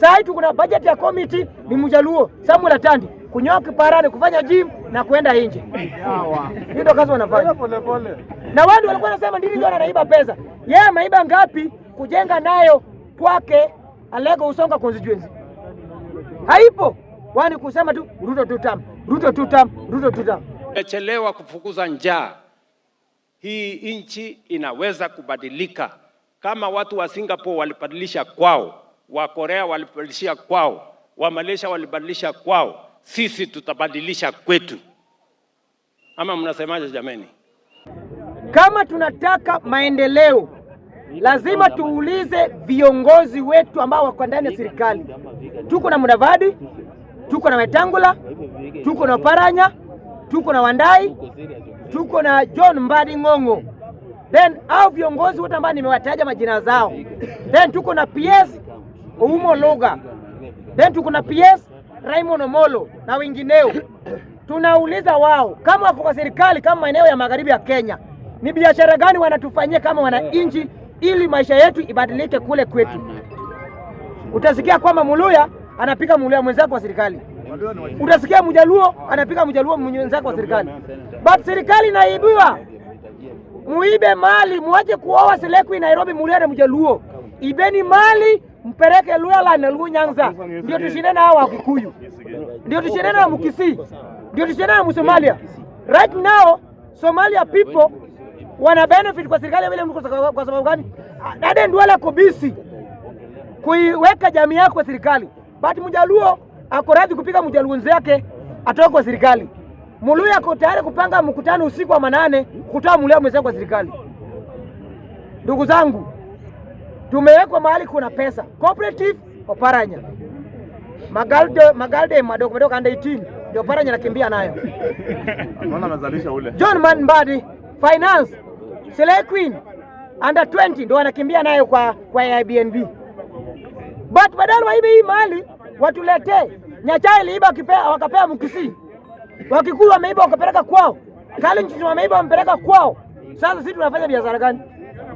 Saa hii tuko na bajeti ya komiti ni Mjaluo Samuel Atandi kunyoka kiparani kufanya gym na kwenda nje. Hiyo ndio kazi wanafanya. Pole pole. Na watu walikuwa wanasema ndili ndio anaiba pesa. Yeye ameiba ngapi kujenga nayo kwake Alego Usonga constituency. Haipo. Wani kusema tu Ruto tutam, Ruto tutam, Ruto tutam. Echelewa kufukuza njaa. Hii nchi inaweza kubadilika kama watu wa Singapore walibadilisha kwao wa Korea walibadilisha kwao, wa Malaysia walibadilisha kwao, sisi tutabadilisha kwetu. Ama mnasemaje jameni? Kama tunataka maendeleo, lazima tuulize viongozi wetu ambao wako ndani ya serikali. Tuko na Mudavadi, tuko na Wetangula, tuko na Paranya, tuko na Wandai, tuko na John Mbadi Ng'ong'o, then au viongozi wote ambao nimewataja majina zao, then tuko na PS umo Loga, then tuko na PS Raymond Omolo na wengineo. Tunauliza wao kama wako kwa serikali kama maeneo ya magharibi ya Kenya, ni biashara gani wanatufanyia kama wananchi, ili maisha yetu ibadilike kule kwetu. Utasikia kwamba Muluya anapika Muluya mwenzako wa serikali, utasikia Mjaluo anapika Mjaluo mwenzako wa serikali, but serikali inaibiwa. Muibe mali, muache kuoa Selekwi Nairobi, Muluya na Mjaluo, ibeni mali mpeleke Lwela na Nyanza, ndio tushinde na wa Wakikuyu, ndio tushinde na Mkisii, ndio tushinde na Msomalia. Right now Somalia people wana benefit kwa serikali ya William Ruto. Kwa sababu gani? Ah, dade Ndwala ako kuiweka jamii yako kwa serikali, but mjaluo ako radhi kupiga mjaluo yake atoke kwa serikali. Muluya ako tayari kupanga mkutano usiku wa manane kutoa mulia mwenzangu kwa serikali. Ndugu zangu tumewekwa mahali kuna pesa cooperative Oparanya Magalde Magalde madogo madogo under 18 ndio Oparanya nakimbia nayo naona amezalisha ule John Manbadi finance Slay Queen under 20 ndio anakimbia nayo kwa kwa Airbnb but badala waibe hii mali watuletee. Nyacha iliiba wakapea mkisi Wakikuyu wameiba wakapeleka kwao, Kalenjin wameiba wamepeleka kwao. Sasa sisi tunafanya biashara gani?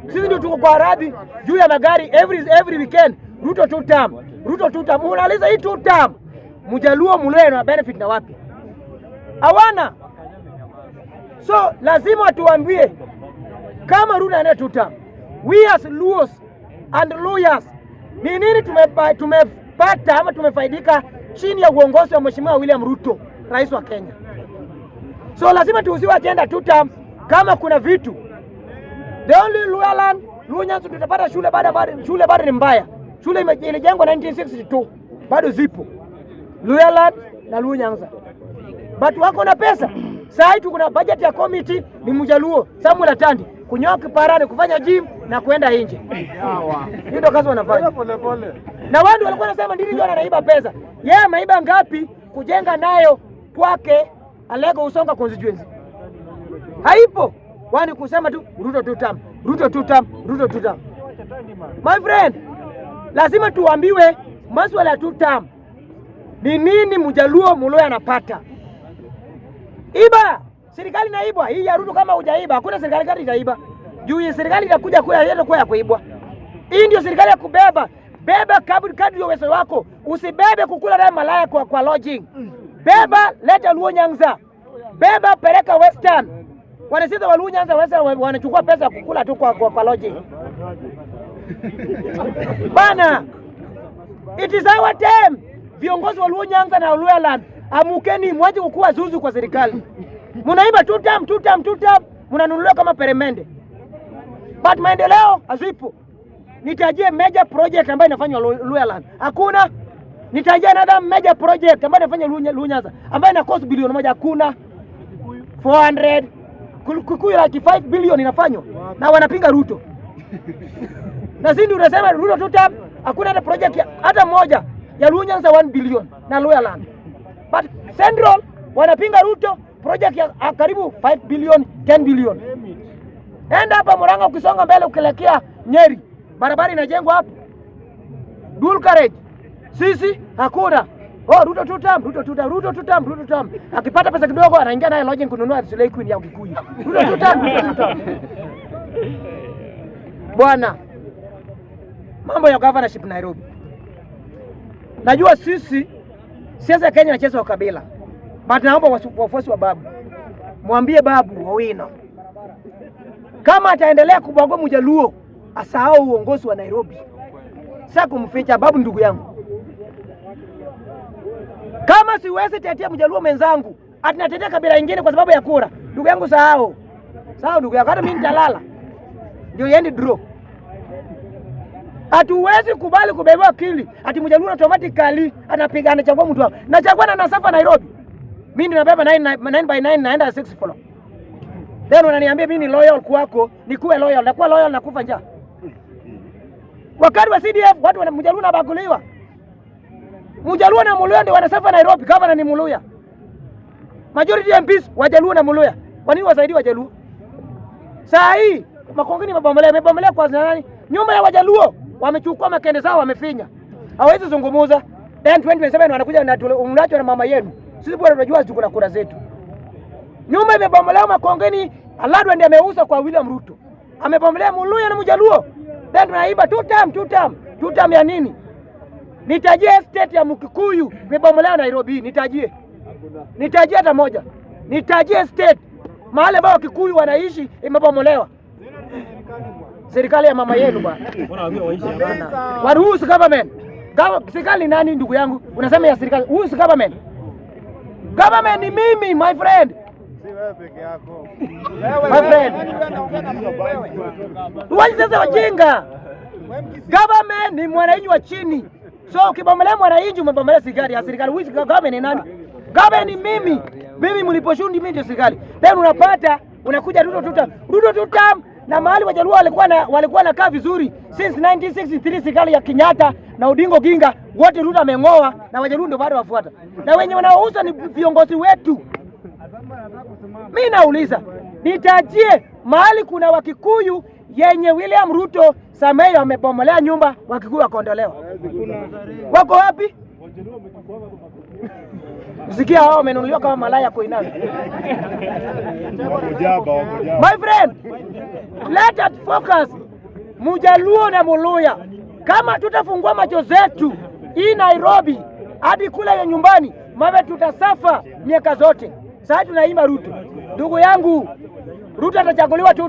Sisi ndio tuko kwa radhi juu ya magari every, every weekend. Ruto two term, Ruto two term, unaliza hii two term. Mjaluo Mluya na benefit na wapi? Hawana. So lazima tuambie kama Ruto anaye two term, we as Luos and lawyers ni nini tumepata, tumepata ama tumefaidika chini ya uongozi wa Mheshimiwa William Ruto, rais wa Kenya. So lazima tuuziwe ajenda two term kama kuna vitu Deonly Lualan Luhyansu tutapata shule bado, bado shule bado ni mbaya. Shule ilijengwa 1962 bado zipo Lualan na Luhyansa, batu wako na pesa saa hii kuna budget ya committee ni Mjaluo Samuel Atandi kunyoa kiparani kufanya gym na kuenda nje. Hiyo ndio kazi wanafanya pole pole. Na watu walikuwa nasema ndiri John anaiba pesa. Yeye yeah, ameiba ngapi kujenga nayo kwake Alego Usonga constituency haipo. Wani kusema tu Ruto tutam Ruto tutam Ruto tutam. My friend, lazima tuambiwe maswala ya tutam ni nini, mjaluo mulo anapata iba serikali naibwa hii ya Ruto. Kama hujaiba hakuna serikali gani itaiba juu hii serikali itakuja kuwa ya kuibwa. Hii ndio serikali ya kubeba beba kadri ya uwezo wako, usibebe kukula naye malaya kwa, kwa lodging. Beba leta Luo Nyanza, beba peleka Western Wanasiasa wa Luhyanza wasa wanachukua pesa kukula tu kwa, kwa, kwa bana, it is our time. Viongozi wa Nyanza na Luhyaland, amukeni, mwaje kukuwa zuzu kwa serikali. Mnaiba two term two term two term, kama peremende, but maendeleo hazipo. Nitajie major project ambayo inafanywa Luhyaland, hakuna. Nitajie another major project ambayo inafanywa Nyanza ambayo ina cost bilioni moja, hakuna 400 kukuyu laki 5 bilioni inafanywa na wanapinga Ruto na sindi unasema Ruto tuta hakuna hata project hata moja ya Runyanza 1 billion na Luya land, but Central wanapinga Ruto project ya karibu 5 billion 10 billion. Enda hapa Murang'a, ukisonga mbele ukielekea Nyeri, barabara inajengwa hapo dual carriage, sisi hakuna Oh, Ruto tutam, Ruto tutam, Ruto tutam, Ruto tutam. Akipata pesa kidogo anaingia naye lodging kununua Lake Queen ya Kikuyu. Ruto tutam, Ruto tutam. Bwana. Mambo ya governorship Nairobi. Najua sisi siasa ya Kenya inacheza kwa kabila. But naomba wafuasi wa babu. Mwambie babu Owino. Kama ataendelea kubagua Mjaluo, asahau uongozi wa Nairobi. Sasa kumficha babu ndugu yangu. Kama siwezi tetea mjaluo mwenzangu, ati natetea kabila ingine kwa sababu ya kura, ndugu yangu sahau sahau, ndugu yangu, hata mimi nitalala ndio yendi draw. Hatuwezi kubali kubebewa akili ati mjaluo automatically anapiga anachagua mtu wao, na chagua na nasafa Nairobi, mimi ndio nabeba 9 by 9 naenda 6 floor. then unaniambia mimi ni loyal kwako, nikuwe loyal, na kuwa loyal na kufa njaa. Wakati wa CDF watu mjaluo wanabaguliwa. Mjaluo na Muluya ndio wanasafa Nairobi, gavana ni Muluya. Majority ya MPs Wajaluo na Muluya. Kwa nini wasaidii Wajaluo? Saa hii Makongeni mabomolea, mabomolea kwa nani? Nyumba ya Wajaluo wamechukua makende zao wamefinya. Hawezi zungumuza. Then 2027 wanakuja na mnacho na mama yenu. Sisi bora tunajua tuko na kura zetu. Nyumba imebomolewa Makongeni, Aladwa ndiye ameuza kwa William Ruto. Amebomolea Muluya na Mjaluo. Then tunaiba two term, two term, two term ya nini? Nitajie estate ya Mkikuyu imebomolewa Nairobi, nitajie, nitajie hata moja, nitajie state mahali ambao Wakikuyu wanaishi imebomolewa. Serikali ya mama yenu bwana, waruhusu government. Serikali nani, ndugu yangu? Unasema ya serikali, is government? Government ni mimi, my friend wali sasa wajinga. Government ni mwananchi wa chini So ukibomolea mwananchi umebomolea serikali ya serikali which government ni nani? Government ni mimi. Mimi mliposhundi mimi ndio serikali. Then unapata unakuja Ruto tutam. Ruto tutam na mahali Wajaluo walikuwa na walikuwa nakaa vizuri since 1963 serikali ya Kenyatta na udingo ginga wote Ruto ameng'oa na Wajaluo ndio bado wafuata. Na wenye wanaouza ni viongozi wetu. Mimi nauliza, nitajie mahali kuna Wakikuyu yenye William Ruto Samei wamebomolea nyumba, Wakikuyu wakaondolewa, wako wapi? Sikia hao wamenunuliwa kama malaya kuinama. My friend, let us focus. Mujaluo na Muluya, kama tutafungua macho zetu hii Nairobi hadi kule nyumbani, mawe tutasafa miaka zote. Sasa tunaimba Ruto, ndugu yangu, Ruto atachaguliwa tu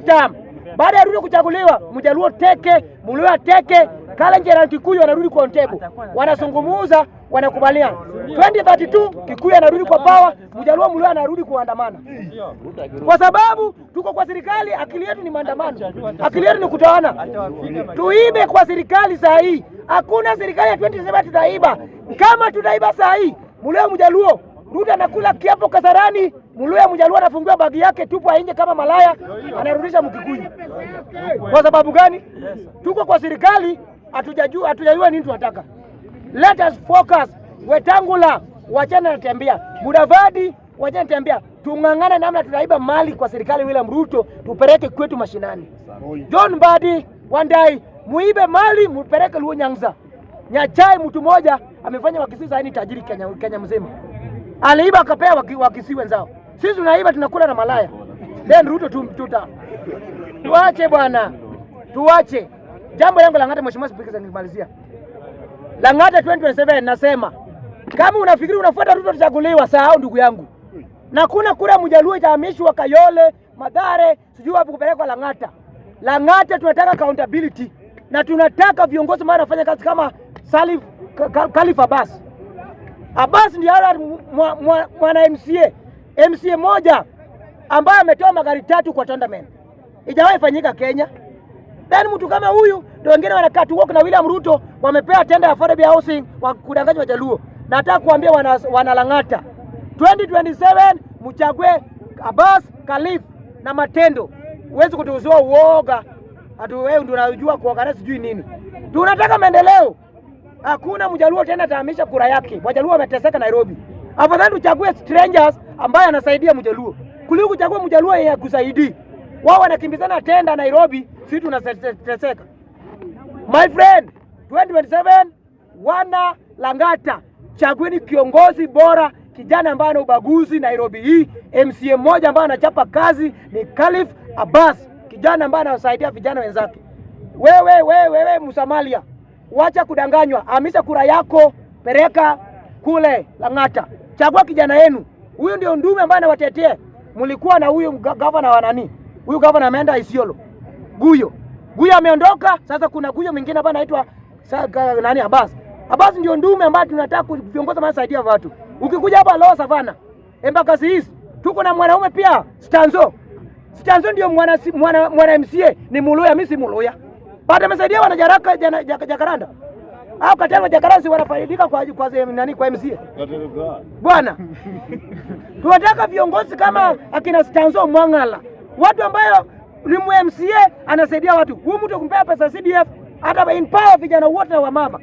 baada ya Ruto kuchaguliwa, Mjaluo teke, Mluya teke, Kalenjin na Kikuyu wanarudi kwa ntebo wanazungumuza, wanakubaliana 2032 Kikuyu anarudi kwa pawa, Mjaluo Mluya anarudi kuandamana, kwa sababu tuko kwa serikali. Akili yetu ni maandamano, akili yetu ni kutoana. Tuibe kwa serikali saa hii, hakuna serikali ya 2027 tutaiba. Kama tutaiba saa hii, Mluya Mjaluo Ruto anakula kiapo kadharani. Mluya mjaluo anafungua bagi yake tupo nje kama malaya, anarudisha Mkikuyu. Kwa sababu gani? Tuko kwa serikali, hatujajua hatujajua nini tunataka. Let us focus. Wetangula wachana natembea, Mudavadi wachana natembea, tung'ang'ana namna tunaiba mali kwa serikali William Ruto, tupeleke kwetu mashinani. John Badi Wandai, muibe mali mupeleke Luo Nyanza. Nyachai mtu mmoja amefanya Wakisii saini tajiri Kenya, Kenya mzima aliiba akapea wakisi wenzao, sisi tunaiba tunakula na malaya, then Ruto tumtuta. Tuache bwana, tuache jambo langu la Lang'ata. Mheshimiwa Spika, nikimalizia Lang'ata 2027 nasema kama unafikiri unafuata Ruto tutachaguliwa, sahau ndugu yangu, na kuna kura mjaluo itahamishwa Kayole, Madhare, sijui wapi kupelekwa Lang'ata. Lang'ata tunataka accountability na tunataka viongozi ambao wanafanya kazi kama Salif Khalifa basi Abbas ndiye mwana MCA MCA moja ambaye ametoa magari tatu kwa tournament, ijawahi fanyika Kenya. Then mtu kama huyu ndio wengine wanakaa tu na William Ruto wamepewa tenda ya affordable housing wa kudanganya Wajaluo. Nataka kuambia wana, wanalang'ata 2027 mchague Abbas Kalif na matendo. Huwezi kutuuzia uoga Hatu wewe ndio unajua kuoga na sijui nini. Tunataka maendeleo hakuna mjaluo tena atahamisha kura yake. Wajaluo wameteseka Nairobi, afadhali uchague strangers ambaye anasaidia mjaluo kuliko kuchagua mjaluo yeye akusaidii. Wao wanakimbizana tenda Nairobi, sisi tunateseka. My friend, 2027 wana Lang'ata, chagueni kiongozi bora, kijana ambaye ana ubaguzi Nairobi hii. MCA mmoja ambaye anachapa kazi ni Khalif Abbas, kijana ambaye anawasaidia vijana wenzake. Wewe wewe wewe Msamalia wacha kudanganywa, amisha kura yako, peleka kule Lang'ata, chagua kijana yenu. Huyu ndio ndume ambaye anawatetea. Mlikuwa na huyu gavana wa nani, huyu gavana ameenda Isiolo, Guyo Guyo ameondoka sasa. Kuna Guyo mwingine hapa anaitwa nani, Abbas. Abbas ndio ndume ambaye tunataka kuviongoza, masaidia watu. Ukikuja hapa loa Savana embakasi hizi tuko na mwanaume pia Stanzo. Stanzo ndio mwana, mwana, mwana MCA ni Muluya, mimi si Muluya. Baada amesaidia wana Jaraka Jakaranda au katana wa Jakaranda wanafaidika kwa kwa nani kwa MCA. Bwana. Tunataka viongozi kama akina Stanzo Mwangala. Watu ambayo ni MCA anasaidia watu. Huyu mtu kumpea pesa CDF hata in power vijana wote na wamama.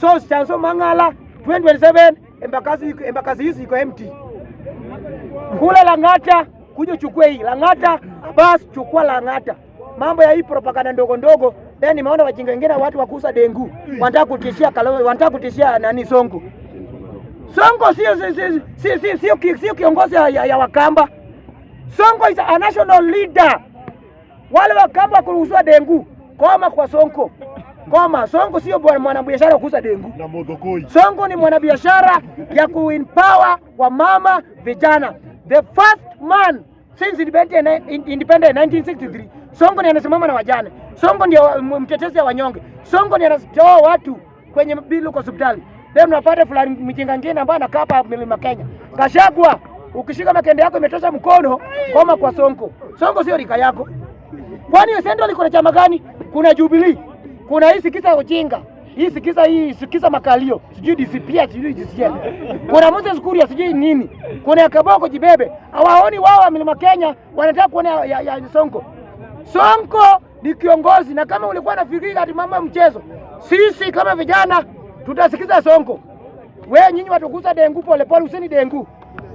So Stanzo Mwangala 2027 embakasi embakasi hizi iko empty. Kule Lang'ata kuja chukue hii. Lang'ata basi chukua Lang'ata. Mambo ya hii propaganda ndogo ndogo Then nimeona wajinga wengine watu wakuuza dengu wanataka kutishia Kalonzo, wanataka kutishia nani Sonko. Sonko sio sio sio sio sio kiongozi ya, ya Wakamba. Sonko is a national leader. Wale Wakamba wakuuza dengu, koma kwa Sonko. Koma, Sonko sio mwanabiashara kuuza dengu. Na Modokoi. Sonko ni mwanabiashara ya wa mama vijana. The first man since independence in 1963. Sonko ni anasimama na wajane. Songo ndio mtetezi wa wanyonge. Songo ndio anatoa watu kwenye bilu kwa hospitali. Leo tunapata fulani mjinga mwingine ambaye anakaa hapa Mlima Kenya. Kashagwa, ukishika makende yako imetosha mkono koma kwa Songo. Songo sio rika yako. Kwani sendo liko na chama gani? Kuna Jubilee. Kuna hii sikiza ujinga. Hii sikiza hii sikiza makalio. Sijui DCP sijui DCL. Kuna Moses Kuria sijui nini. Kuna Kaboko Jibebe. Hawaoni wao wa Mlima Kenya wanataka kuona ya, ya, ya Songo. Sonko ni kiongozi, na kama ulikuwa nafikiri ati mambo ya mchezo, sisi kama vijana tutasikiza Sonko. We nyinyi watukuza dengu polepole, useni dengu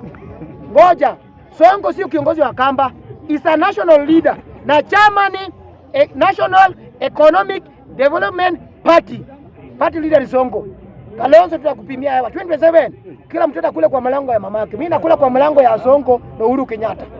ngoja. Sonko sio kiongozi wa kamba, is a national leader na chama ni e, National Economic Development Party. Party leader ni Sonko. Kalonzo tutakupimia hewa 27 kila mtu atakula kwa mlango ya mamake. Mimi nakula kwa mlango ya Sonko na Uhuru Kenyatta.